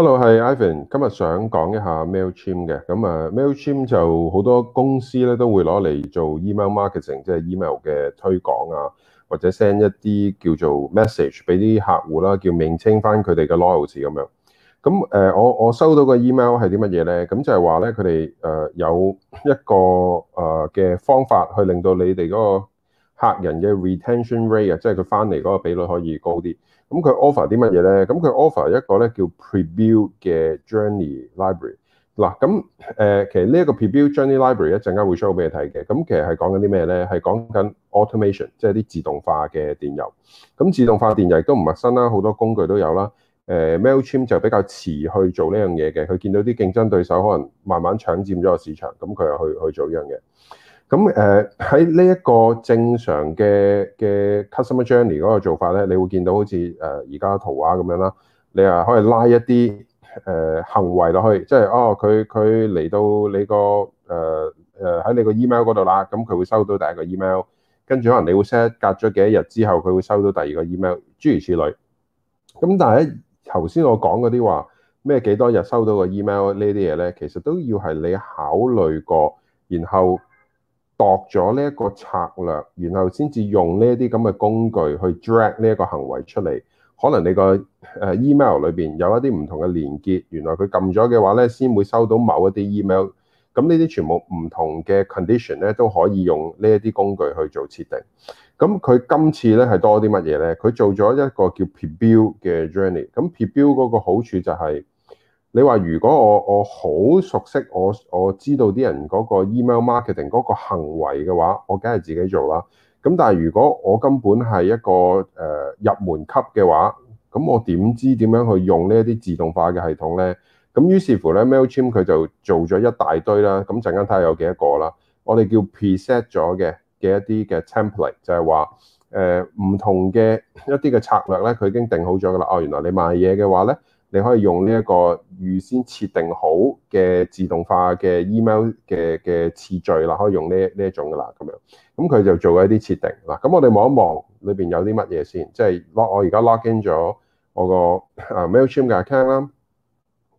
hello，係 Ivan，今日想講一下 mailchimp 嘅，咁啊 mailchimp 就好多公司咧都會攞嚟做 email marketing，即係 email 嘅推廣啊，或者 send 一啲叫做 message 俾啲客戶啦、啊，叫名稱翻佢哋嘅 loyalty 咁樣。咁誒，我我收到個 email 係啲乜嘢咧？咁就係話咧，佢哋誒有一個誒嘅方法去令到你哋嗰、那個。客人嘅 retention rate 啊，即係佢翻嚟嗰個比率可以高啲。咁佢 offer 啲乜嘢咧？咁佢 offer 一個咧叫 preview 嘅 journey library。嗱，咁誒其實呢一個 preview journey library 一陣間會 show 俾你睇嘅。咁其實係講緊啲咩咧？係講緊 automation，即係啲自動化嘅電郵。咁自動化電郵都唔陌生啦，好多工具都有啦。誒、uh, Mailchimp 就比較遲去做呢樣嘢嘅，佢見到啲競爭對手可能慢慢搶佔咗個市場，咁佢又去去做呢樣嘢。咁誒喺呢一個正常嘅嘅 customer journey 嗰個做法咧，你會見到好似誒而家圖畫咁樣啦。你啊可以拉一啲誒、呃、行為落去，即係哦佢佢嚟到你個誒誒喺你個 email 嗰度啦，咁、嗯、佢會收到第一個 email，跟住可能你會 set 隔咗幾多日之後佢會收到第二個 email，諸如此類。咁、嗯、但係頭先我講嗰啲話咩幾多日收到個 email 呢啲嘢咧，其實都要係你考慮過，然後，度咗呢一個策略，然後先至用呢一啲咁嘅工具去 drag 呢一個行為出嚟。可能你個誒 email 裏邊有一啲唔同嘅連結，原來佢撳咗嘅話咧，先會收到某一啲 email。咁呢啲全部唔同嘅 condition 咧，都可以用呢一啲工具去做設定。咁佢今次咧係多啲乜嘢咧？佢做咗一個叫 pre-build 嘅 journey。咁 pre-build 嗰個好處就係、是。你話如果我我好熟悉我我知道啲人嗰個 email marketing 嗰個行為嘅話，我梗係自己做啦。咁但係如果我根本係一個誒、呃、入門級嘅話，咁我點知點樣去用呢一啲自動化嘅系統咧？咁於是乎咧，Mailchimp 佢就做咗一大堆啦。咁陣間睇下看看有幾多個啦。我哋叫 preset 咗嘅嘅一啲嘅 template 就係話誒唔同嘅一啲嘅策略咧，佢已經定好咗噶啦。哦，原來你賣嘢嘅話咧，你可以用呢、這、一個。預先設定好嘅自動化嘅 email 嘅嘅次序啦，可以用呢呢一種噶啦咁樣。咁佢就做一啲設定啦。咁我哋望一望裏邊有啲乜嘢先，即係 lock 我而家 lock in 咗我個啊 mailchimp 嘅 account 啦，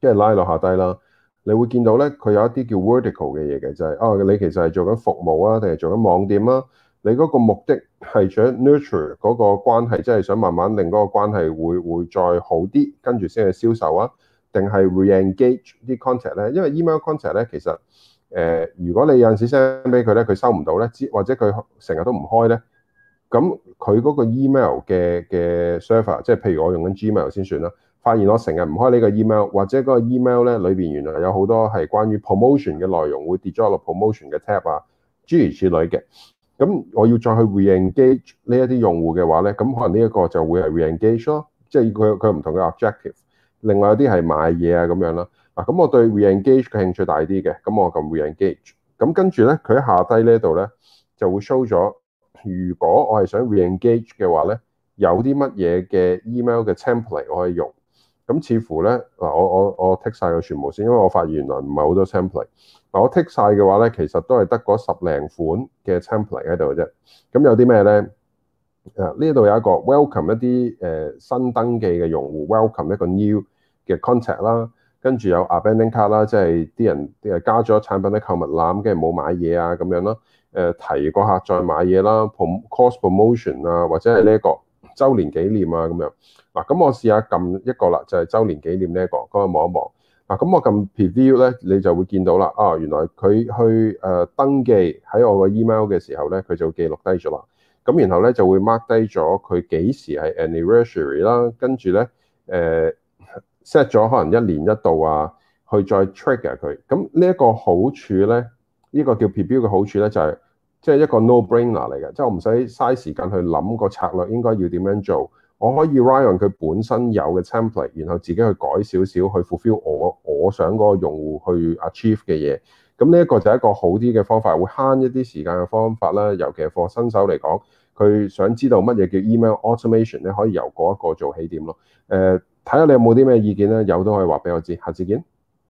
即係拉落下低啦。你會見到咧，佢有一啲叫 vertical 嘅嘢嘅，就係哦，你其實係做緊服務啊，定係做緊網店啊？你嗰個目的係想 nurture 嗰個關係，即係想慢慢令嗰個關係會會再好啲，跟住先係銷售啊。定係 reengage 啲 contact 咧，因為 email contact 咧，其實誒、呃，如果你有陣時 send 俾佢咧，佢收唔到咧，或者佢成日都唔開咧，咁佢嗰個 email 嘅嘅 server，即係譬如我用緊 gmail 先算啦，發現我成日唔開呢個 email，或者嗰個 email 咧裏邊原來有好多係關於 promotion 嘅內容會跌咗落 promotion 嘅 tab 啊，諸如此類嘅，咁我要再去 reengage 呢一啲用戶嘅話咧，咁可能呢一個就會係 reengage 咯，即係佢佢唔同嘅 objective。另外一啲係買嘢啊咁樣啦，嗱、啊、咁我對 reengage 嘅興趣大啲嘅，咁我撳 reengage，咁跟住咧佢喺下低呢度咧就會 show 咗，如果我係想 reengage 嘅話咧，有啲乜嘢嘅 email 嘅 template 我可以用，咁似乎咧嗱我我我剔晒個全部先，因為我發現原來唔係好多 template，嗱我剔晒嘅話咧，其實都係得嗰十零款嘅 template 喺度嘅啫，咁有啲咩咧？誒呢度有一個 welcome 一啲誒新登記嘅用戶，welcome 一個 new 嘅 contact 啦，跟住有 abandon 卡啦，即係啲人誒加咗產品喺購物籃，跟住冇買嘢啊咁樣啦，誒提個客再買嘢啦，prom cost promotion 啊，或者係呢一個周年紀念啊咁樣。嗱，咁我試下撳一個啦，就係周年紀念呢一個，咁我望一望。嗱，咁我撳 preview 咧，你就會見到啦。啊，原來佢去誒登記喺我個 email 嘅時候咧，佢就記錄低咗啦。咁然後咧就會 mark 低咗佢幾時係 anniversary 啦，跟住咧誒 set 咗可能一年一度啊，去再 trigger 佢。咁呢一個好處咧，呢、這個叫 preview 嘅好處咧，就係即係一個 no brainer 嚟嘅，即係、就是、我唔使嘥時間去諗個策略應該要點樣做，我可以 rely on 佢本身有嘅 template，然後自己去改少少去 fulfill 我我想嗰個用戶去 achieve 嘅嘢。咁呢個就係一個好啲嘅方法，會慳一啲時間嘅方法啦。尤其係 for 新手嚟講，佢想知道乜嘢叫 email automation 呢，可以由嗰一個做起點咯。呃，睇下你有冇啲咩意見呢？有都可以話俾我知。下次見。